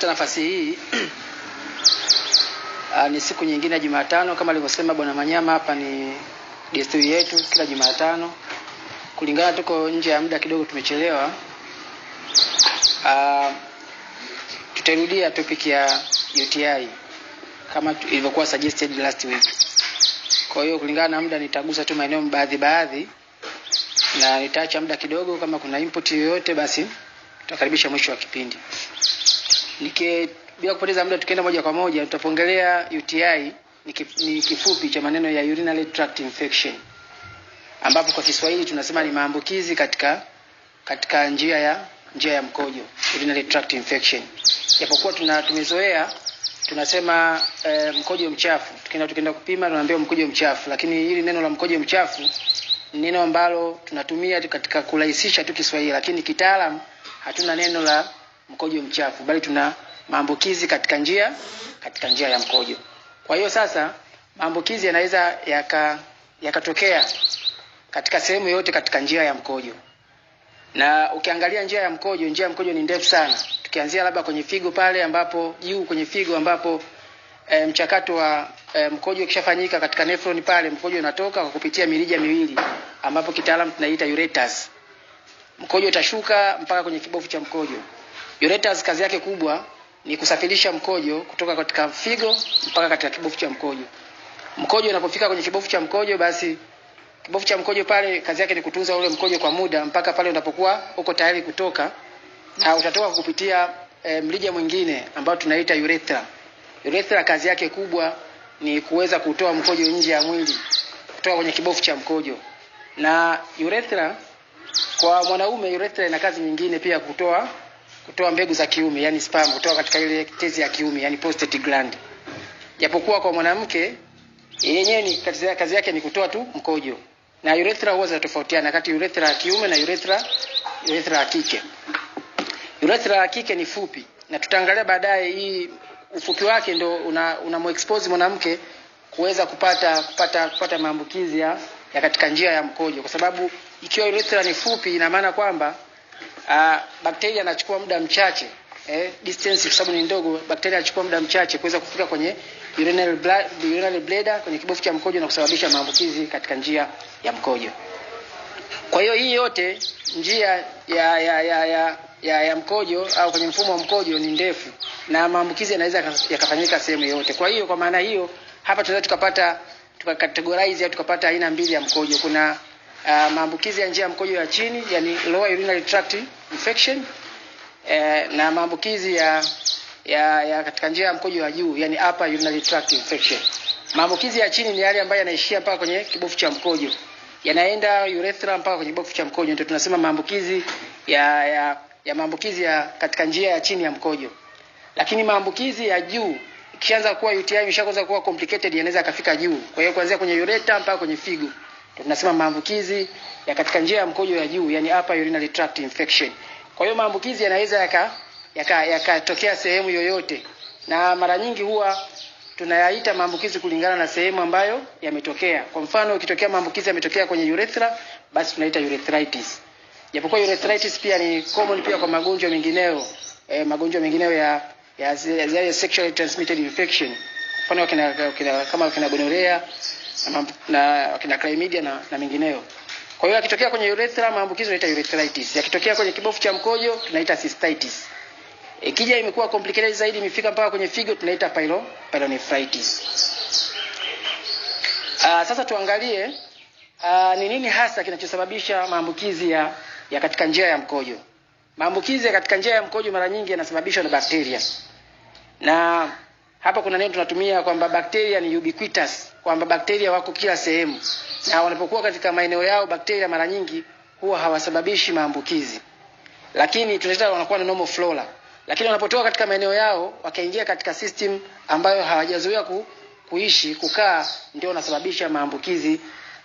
kupata nafasi hii Aa, ah, ni siku nyingine ya Jumatano kama alivyosema Bwana Manyama, hapa ni desturi yetu kila Jumatano, kulingana tuko nje ya muda kidogo, tumechelewa. Aa, ah, tutairudia topic ya UTI kama ilivyokuwa suggested last week. Kwa hiyo kulingana na muda nitagusa tu maeneo baadhi baadhi, na nitaacha muda kidogo, kama kuna input yoyote basi tutakaribisha mwisho wa kipindi. Nike, bila kupoteza muda tukienda moja kwa moja tutapongelea UTI ni kifupi cha maneno ya urinary tract infection, ambapo kwa Kiswahili tunasema ni maambukizi katika katika njia ya njia ya mkojo, urinary tract infection. Japokuwa tuna tumezoea tunasema e, mkojo mchafu, tukienda tukienda kupima tunaambiwa mkojo mchafu, lakini hili neno la mkojo mchafu ni neno ambalo tunatumia katika kurahisisha tu Kiswahili, lakini kitaalamu hatuna neno la mkojo mchafu, bali tuna maambukizi katika njia katika njia ya mkojo. Kwa hiyo sasa maambukizi yanaweza yaka yakatokea yaka katika sehemu yote katika njia ya mkojo, na ukiangalia njia ya mkojo, njia ya mkojo ni ndefu sana, tukianzia labda kwenye figo pale ambapo juu kwenye figo ambapo e, mchakato wa e, mkojo ukishafanyika katika nephron pale, mkojo unatoka kwa kupitia mirija miwili ambapo kitaalamu tunaita ureters. Mkojo utashuka mpaka kwenye kibofu cha mkojo. Ureters kazi yake kubwa ni kusafirisha mkojo kutoka katika figo mpaka katika kibofu cha mkojo. Mkojo unapofika kwenye kibofu cha mkojo, basi kibofu cha mkojo pale kazi yake ni kutunza ule mkojo kwa muda mpaka pale unapokuwa uko tayari kutoka, na utatoka kupitia e, eh, mlija mwingine ambao tunaita urethra. Urethra kazi yake kubwa ni kuweza kutoa mkojo nje ya mwili kutoka kwenye kibofu cha mkojo. Na urethra kwa mwanaume, urethra ina kazi nyingine pia kutoa kutoa mbegu za kiume, yani sperm kutoka katika ile tezi ya kiume, yani prostate gland. Japokuwa kwa mwanamke yenyewe ni kazi, kazi yake ni kutoa tu mkojo, na urethra huwa zinatofautiana kati urethra ya kiume na urethra urethra ya kike. Urethra ya kike ni fupi, na tutaangalia baadaye hii ufupi wake ndio una, una expose mwanamke kuweza kupata kupata kupata maambukizi ya, ya katika njia ya mkojo, kwa sababu ikiwa urethra ni fupi, ina maana kwamba uh, ah, bakteria anachukua muda mchache eh, distance kwa sababu ni ndogo, bakteria anachukua muda mchache kuweza kufika kwenye urinary bladder, urinary bladder kwenye kibofu cha mkojo na kusababisha maambukizi katika njia ya mkojo. Kwa hiyo hii yote njia ya ya, ya, ya, ya, ya mkojo au kwenye mfumo wa mkojo ni ndefu na maambukizi yanaweza yakafanyika sehemu yote. Kwa hiyo kwa maana hiyo hapa tunaweza tukapata tukakategorize au tukapata aina mbili ya mkojo. Kuna uh, maambukizi ya njia ya mkojo ya chini yani lower urinary tract infection uh, na maambukizi ya, ya, ya katika njia ya mkojo wa juu yani upper urinary tract infection. Maambukizi ya chini ni yale ambayo yanaishia mpaka kwenye kibofu cha mkojo, yanaenda urethra mpaka kwenye kibofu cha mkojo, ndio tunasema maambukizi ya, ya, ya maambukizi ya katika njia ya chini ya mkojo. Lakini maambukizi ya juu ikishaanza kuwa UTI imeshaanza kuwa complicated, yanaweza akafika juu, kwa hiyo kuanzia kwenye ureta mpaka kwenye figo tunasema maambukizi ya katika njia ya mkojo ya juu, yani upper urinary tract infection. Kwa hiyo maambukizi yanaweza yakatokea yaka, yaka sehemu yoyote, na mara nyingi huwa tunayaita maambukizi kulingana na sehemu ambayo yametokea. Kwa mfano, ikitokea maambukizi yametokea kwenye urethra, basi tunaita urethritis. Japokuwa urethritis pia ni common pia kwa magonjwa mengineyo e, eh, magonjwa mengineyo ya ya, ya, ya sexually transmitted infection, kwa mfano kina, kina, kama kina gonorrhea na wakina chlamydia na, na mengineyo. Kwa hiyo akitokea kwenye urethra maambukizo yanaita urethritis. Akitokea kwenye kibofu cha mkojo tunaita cystitis. Ikija e, imekuwa complicated zaidi imefika mpaka kwenye figo tunaita pyelo, pyelonephritis. Ah, sasa tuangalie ah, ni nini hasa kinachosababisha maambukizi ya, ya katika njia ya mkojo. Maambukizi ya katika njia ya mkojo mara nyingi yanasababishwa na bakteria. Na hapa kuna neno tunatumia kwamba bakteria ni ubiquitous, kwamba bakteria wako kila sehemu, na wanapokuwa katika maeneo yao bakteria mara nyingi huwa hawasababishi maambukizi, lakini tunaita wanakuwa na normal flora. Lakini wanapotoka katika maeneo yao wakaingia katika system ambayo hawajazoea ku, kuishi kukaa, ndio wanasababisha maambukizi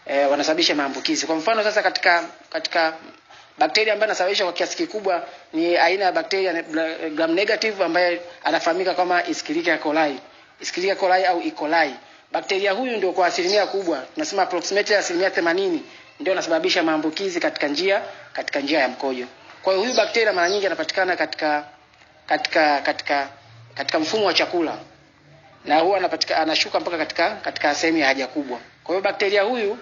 eh, wanasababisha maambukizi. Kwa mfano sasa katika katika Bakteria ambaye anasababisha kwa kiasi kikubwa ni aina ya bakteria gram negative ambaye anafahamika kama Escherichia coli, Escherichia coli au E. coli. Bakteria huyu ndio kwa asilimia kubwa, tunasema approximately asilimia themanini ndio anasababisha maambukizi katika njia katika njia ya mkojo. Kwa hiyo huyu bakteria mara nyingi anapatikana katika katika katika katika mfumo wa chakula na huwa anapatika, anashuka mpaka katika katika sehemu ya haja kubwa. Kwa hiyo bakteria huyu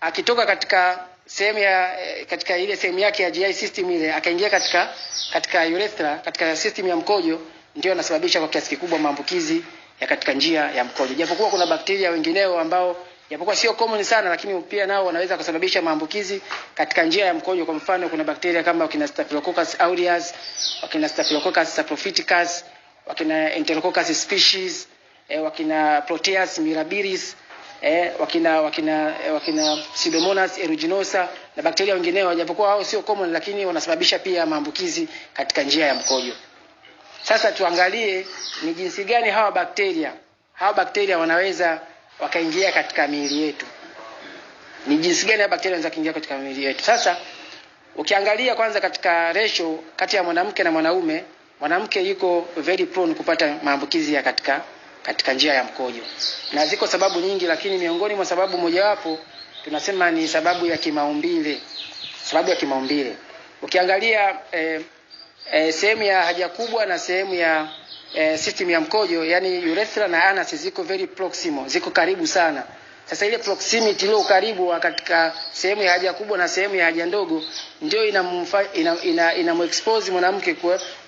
akitoka katika sehemu ya eh, katika ile sehemu yake ya GI system ile akaingia katika katika urethra katika system ya mkojo, ndio anasababisha kwa kiasi kikubwa maambukizi ya katika njia ya mkojo, japokuwa kuna bakteria wengineo ambao japokuwa sio common sana, lakini pia nao wanaweza kusababisha maambukizi katika njia ya mkojo. Kwa mfano, kuna bakteria kama wakina Staphylococcus aureus, wakina Staphylococcus saprophyticus, wakina Enterococcus species, eh, wakina Proteus mirabilis eh, wakina wakina eh, wakina Pseudomonas aeruginosa na bakteria wengineo, japokuwa hao sio common, lakini wanasababisha pia maambukizi katika njia ya mkojo. Sasa tuangalie ni jinsi gani hawa bakteria hawa bakteria wanaweza wakaingia katika miili yetu, ni jinsi gani hawa bakteria wanaweza kuingia katika miili yetu. Sasa ukiangalia kwanza katika ratio kati ya mwanamke na mwanaume, mwanamke yuko very prone kupata maambukizi ya katika katika njia ya mkojo. Na ziko sababu nyingi, lakini miongoni mwa sababu mojawapo tunasema ni sababu ya kimaumbile. Sababu ya kimaumbile ukiangalia eh, eh, sehemu ya haja kubwa na sehemu ya eh, system ya mkojo, yani urethra na anus ziko very proximal, ziko karibu sana. Sasa ile proximity ile ukaribu katika sehemu ya haja kubwa na sehemu ya haja ndogo ndio inamexpose ina, ina, ina, mwanamke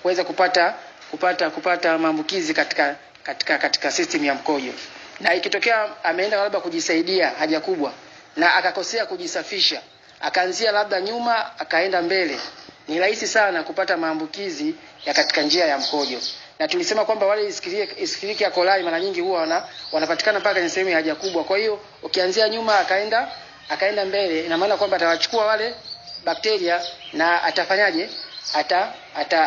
kuweza kupata kupata kupata maambukizi katika katika, katika system ya mkojo, na ikitokea ameenda labda kujisaidia haja kubwa na akakosea kujisafisha, akaanzia labda nyuma akaenda mbele, ni rahisi sana kupata maambukizi ya katika njia ya mkojo na tulisema kwamba wale iskiliki ya kolai mara nyingi huwa wana, wanapatikana mpaka ni sehemu ya haja kubwa. Kwa hiyo ukianzia nyuma akaenda akaenda mbele, ina maana kwamba atawachukua wale bakteria na atafanyaje, ata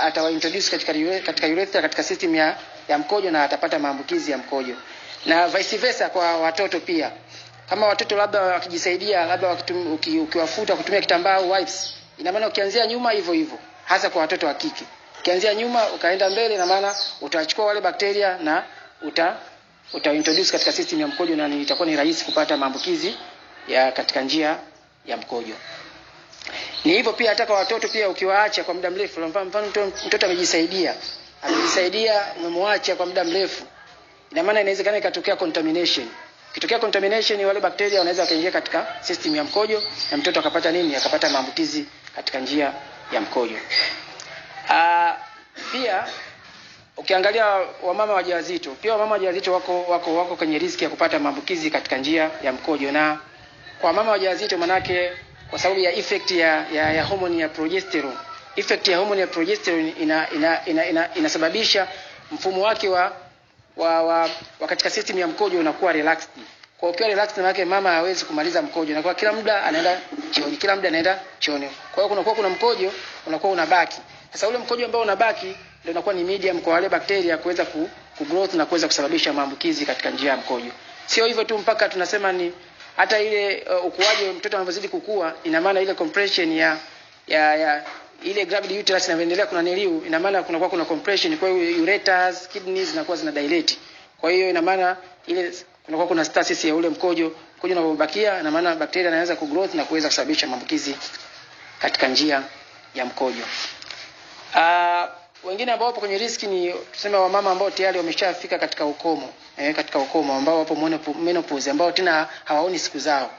atawaintroduce ata katika katika urethra katika system ya ya mkojo na atapata maambukizi ya mkojo, na vice versa kwa watoto pia. Kama watoto labda wakijisaidia, labda ukiwafuta uki kutumia kitambaa wipes, ina maana ukianzia nyuma hivyo hivyo, hasa kwa watoto wa kike, ukianzia nyuma ukaenda mbele, ina maana utachukua wale bakteria na uta utaintroduce katika system ya mkojo, na itakuwa ni rahisi kupata maambukizi ya katika njia ya mkojo. Ni hivyo pia hata kwa watoto pia, ukiwaacha kwa muda mrefu, mfano mtoto amejisaidia amejisaidia, umemwacha kwa muda mrefu, ina maana inawezekana ikatokea contamination. Ikitokea contamination, wale bakteria wanaweza wakaingia katika system ya mkojo na mtoto akapata nini, akapata maambukizi katika njia ya mkojo. Ah, pia ukiangalia wamama wajawazito, pia wamama wajawazito wako wako wako kwenye riski ya kupata maambukizi katika njia ya mkojo, na kwa mama wajawazito manake kwa sababu ya effect ya, ya, ya homoni ya progesterone effect ya homoni ya progesterone ina, ina, ina, ina, inasababisha mfumo wake wa, wa, wa, wa katika system ya mkojo unakuwa relaxed. Kwa ukiwa relaxed maana mama hawezi kumaliza mkojo, na kwa kila muda anaenda chooni, kila muda anaenda chooni. Kwa hiyo kunakuwa kuna mkojo unakuwa unabaki. Sasa ule mkojo ambao unabaki ndio unakuwa ni medium kwa wale bakteria kuweza ku, ku growth na kuweza kusababisha maambukizi katika njia ya mkojo. Sio hivyo tu, mpaka tunasema ni hata ile uh, ukuaji mtoto anavyozidi kukua, ina maana ile compression ya ya, ya ile gravity uterus inavyoendelea kuna niliu, ina maana kuna kwa kuna compression, kwa hiyo ureters, kidneys zinakuwa zina dilate. Kwa hiyo ina maana ile kuna kuna stasis ya ule mkojo, mkojo unapobakia, ina maana bakteria anaweza kugrowth na kuweza kusababisha maambukizi katika njia ya mkojo. Ah, uh, wengine ambao wapo kwenye riski ni tuseme wamama ambao tayari wameshafika katika ukomo, eh, katika ukomo ambao wapo menopause ambao tena hawaoni siku zao.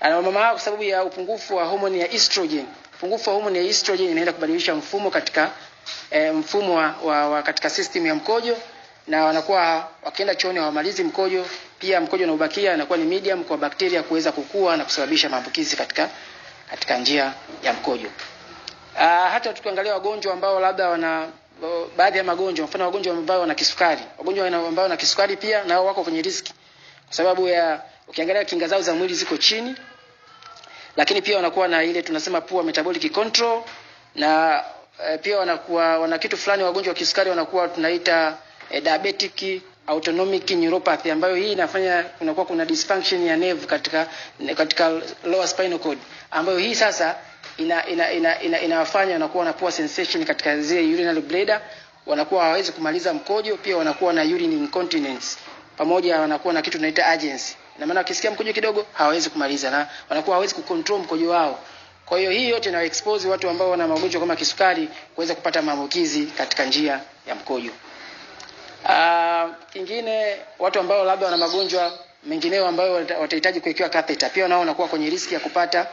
Ana ah, mama hao kwa sababu ya upungufu wa homoni ya estrogen Upungufu wa homoni ya estrogen inaenda kubadilisha mfumo katika e, mfumo wa, wa, wa katika system ya mkojo, na wanakuwa wakienda chooni hawamalizi mkojo. Pia mkojo unaobakia anakuwa ni medium kwa bakteria kuweza kukua na kusababisha maambukizi katika katika njia ya mkojo. Ah, hata tukiangalia wagonjwa ambao labda wana baadhi ya magonjwa, mfano wagonjwa ambao wana kisukari, wagonjwa ambao wana kisukari pia nao wako kwenye riski, kwa sababu ya ukiangalia kinga zao za mwili ziko chini lakini pia wanakuwa na ile tunasema pua metabolic control na e, pia wanakuwa wana kitu fulani, wagonjwa wa kisukari wanakuwa tunaita e, diabetic autonomic neuropathy, ambayo hii inafanya kunakuwa kuna dysfunction ya nerve katika katika lower spinal cord, ambayo hii sasa ina ina ina, ina inawafanya wanakuwa na poor sensation katika zile urinary bladder, wanakuwa hawawezi kumaliza mkojo, pia wanakuwa na urine incontinence, pamoja wanakuwa na kitu tunaita urgency na maana wakisikia mkojo kidogo hawawezi kumaliza na wanakuwa hawawezi kucontrol mkojo wao. Kwa hiyo hii yote ina expose watu ambao wana magonjwa kama kisukari kuweza kupata maambukizi katika njia ya mkojo. Ah, kingine watu ambao labda wana magonjwa mengineo ambayo watahitaji kuwekewa catheter pia nao wanakuwa kwenye riski ya kupata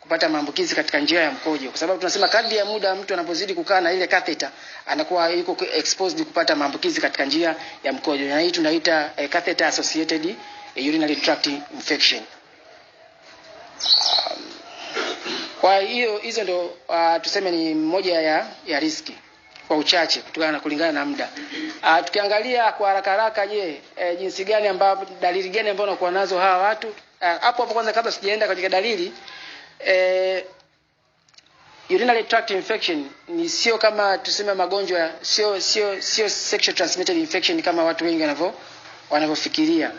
kupata maambukizi katika njia ya mkojo, kwa sababu tunasema kadri ya muda mtu anapozidi kukaa na ile catheter anakuwa yuko exposed kupata maambukizi katika njia ya mkojo, na hii tunaita eh, catheter associated a urinary tract infection. kwa hiyo hizo ndo uh, tuseme ni moja ya, ya riski kwa uchache kutokana na kulingana na muda. Uh, tukiangalia kwa haraka haraka, je, eh, jinsi gani ambapo dalili gani ambazo wanakuwa nazo hawa watu ah, hapo? Uh, hapo kwanza kabla sijaenda katika dalili eh, urinary tract infection ni sio kama tuseme magonjwa sio sio sio sexual transmitted infection kama watu wengi wanavyo wanavyofikiria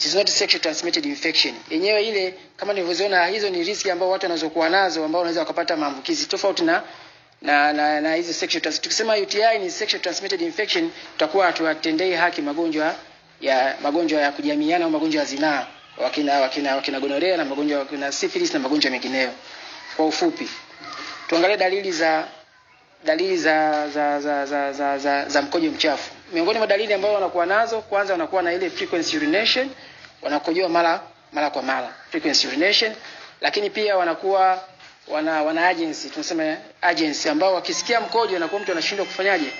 it is not sexually transmitted infection. Yenyewe ile kama nilivyoziona, hizo ni riski ambao watu wanazokuwa nazo ambao wanaweza wakapata maambukizi tofauti na na na, na hizo sexual transmitted. Tukisema UTI ni sexual transmitted infection, tutakuwa hatuwatendei haki magonjwa ya magonjwa ya kujamiiana au magonjwa ya zinaa wakina wakina wakina gonorea na magonjwa wakina syphilis na magonjwa mengineyo. Kwa ufupi, tuangalie dalili za dalili za za za za, za, za, za mkojo mchafu. Miongoni mwa dalili ambazo wanakuwa nazo, kwanza wanakuwa na ile frequency urination, wanakojoa mara mara kwa mara, frequency urination, lakini pia wanakuwa wana wana agency, tunasema agency, ambao wakisikia mkojo anakuwa mtu anashindwa kufanyaje,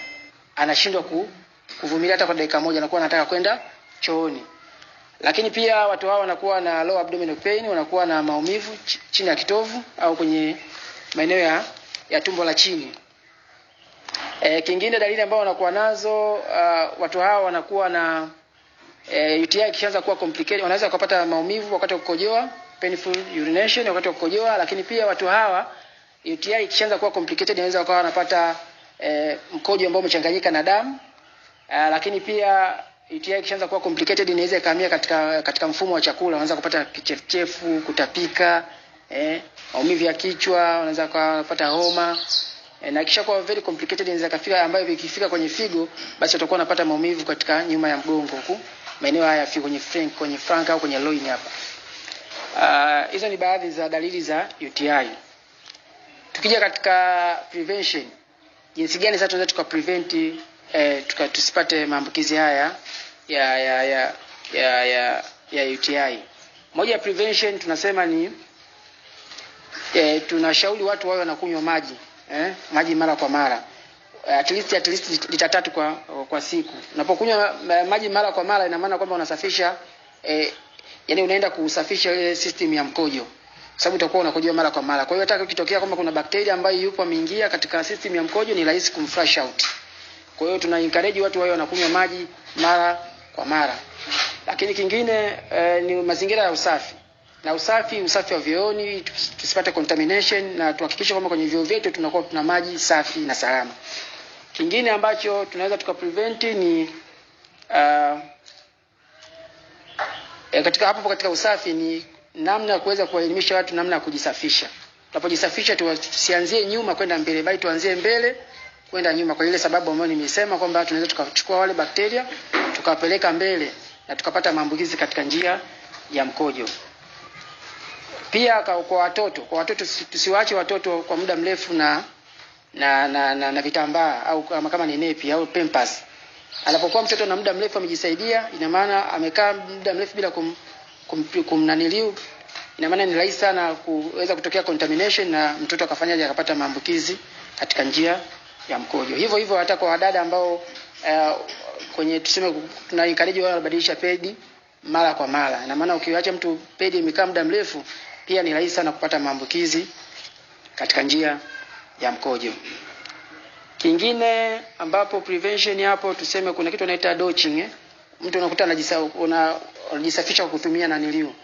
anashindwa ku, kuvumilia hata kwa dakika moja, anakuwa anataka kwenda chooni. Lakini pia watu hao wanakuwa na low abdominal pain, wanakuwa na maumivu chini ya kitovu au kwenye maeneo ya, ya tumbo la chini. E, kingine dalili ambayo wanakuwa nazo uh, watu hao wanakuwa na e, UTI kishaanza kuwa complicated, wanaweza kupata maumivu wakati wa kukojoa, painful urination wakati wa kukojoa. Lakini pia watu hawa UTI ikishaanza kuwa complicated, inaweza wakawa wanapata e, mkojo ambao umechanganyika na damu. Uh, lakini pia UTI ikishaanza kuwa complicated inaweza ikahamia katika katika mfumo wa chakula, wanaweza kupata kichefuchefu, kutapika, eh, maumivu ya kichwa, wanaweza kupata homa. Eh, na kisha kwa very complicated inaweza kafika, ambayo ikifika kwenye figo, basi utakuwa unapata maumivu katika nyuma ya mgongo huku maeneo haya figo, kwenye flank, kwenye flank au kwenye loin hapa. Ah, hizo Uh, ni baadhi za dalili za UTI. Tukija katika prevention, jinsi gani sasa tunaweza tuka prevent eh, tuka tusipate maambukizi haya ya ya ya ya ya, ya UTI. Moja ya prevention tunasema ni eh, tunashauri watu wawe wanakunywa maji eh, maji mara kwa mara eh, at least at least lita tatu kwa kwa siku. Unapokunywa eh, maji mara kwa mara, ina maana kwamba unasafisha eh, yani unaenda kusafisha ile system ya mkojo, sababu utakuwa unakojoa mara kwa mara. Kwa hiyo hata ukitokea kwamba kuna bakteria ambayo yupo ameingia katika system ya mkojo, ni rahisi kumflush out. Kwa hiyo tuna encourage watu wao wanakunywa maji mara kwa mara. Lakini kingine eh, ni mazingira ya usafi na usafi, usafi wa vyooni tusipate contamination, na tuhakikishe kwamba kwenye vyoo vyetu tunakuwa tuna maji safi na salama. Kingine ambacho tunaweza tukaprevent ni uh, e, katika hapo katika usafi ni namna ya kuweza kuwaelimisha watu namna ya kujisafisha. Tunapojisafisha tusianzie nyuma kwenda mbele, bali tuanzie mbele kwenda nyuma, kwa ile sababu ambayo nimesema kwamba tunaweza tukachukua wale bakteria tukawapeleka mbele na tukapata maambukizi katika njia ya mkojo. Pia kwa watoto, kwa watoto tusiwaache watoto kwa muda mrefu na na na, na, na vitambaa au kama, kama ni nepi au pampers. Anapokuwa mtoto na muda mrefu amejisaidia, ina maana amekaa muda mrefu bila kum, kum, kum kumnaniliu, ina maana ni rahisi sana kuweza kutokea contamination na mtoto akafanya akapata maambukizi katika njia ya mkojo. Hivyo hivyo hata kwa wadada ambao uh, kwenye tuseme tuna wao wabadilisha pedi mara kwa mara. Ina maana ukiacha mtu pedi imekaa muda mrefu pia ni rahisi sana kupata maambukizi katika njia ya mkojo. Kingine ambapo prevention hapo tuseme kuna kitu anaita douching eh? Mtu unakuta anajisafisha kwa kutumia naniliu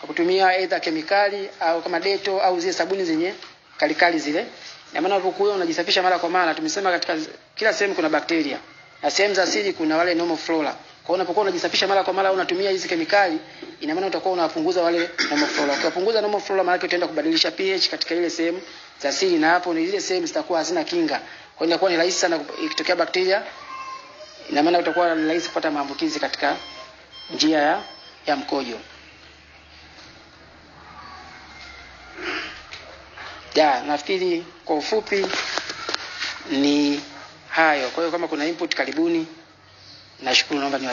kwa kutumia either kemikali au kama deto au zile sabuni zenye kalikali zile. Na maana unapokuwa unajisafisha mara kwa mara, tumesema katika kila sehemu kuna bakteria na sehemu za siri kuna wale normal flora. Kwa hiyo unapokuwa unajisafisha mara kwa mara unatumia hizi kemikali, ina maana utakuwa unapunguza wale normal flora. Ukipunguza normal flora, maana yake utaenda kubadilisha pH katika ile sehemu za siri, na hapo ni zile sehemu zitakuwa hazina kinga. Kwa hiyo inakuwa ni rahisi sana ikitokea bakteria, ina maana utakuwa ni rahisi kupata maambukizi katika njia ya, ya mkojo. Ya, nafikiri kwa ufupi ni hayo. Kwa hiyo kama kuna input karibuni. na escola não vai me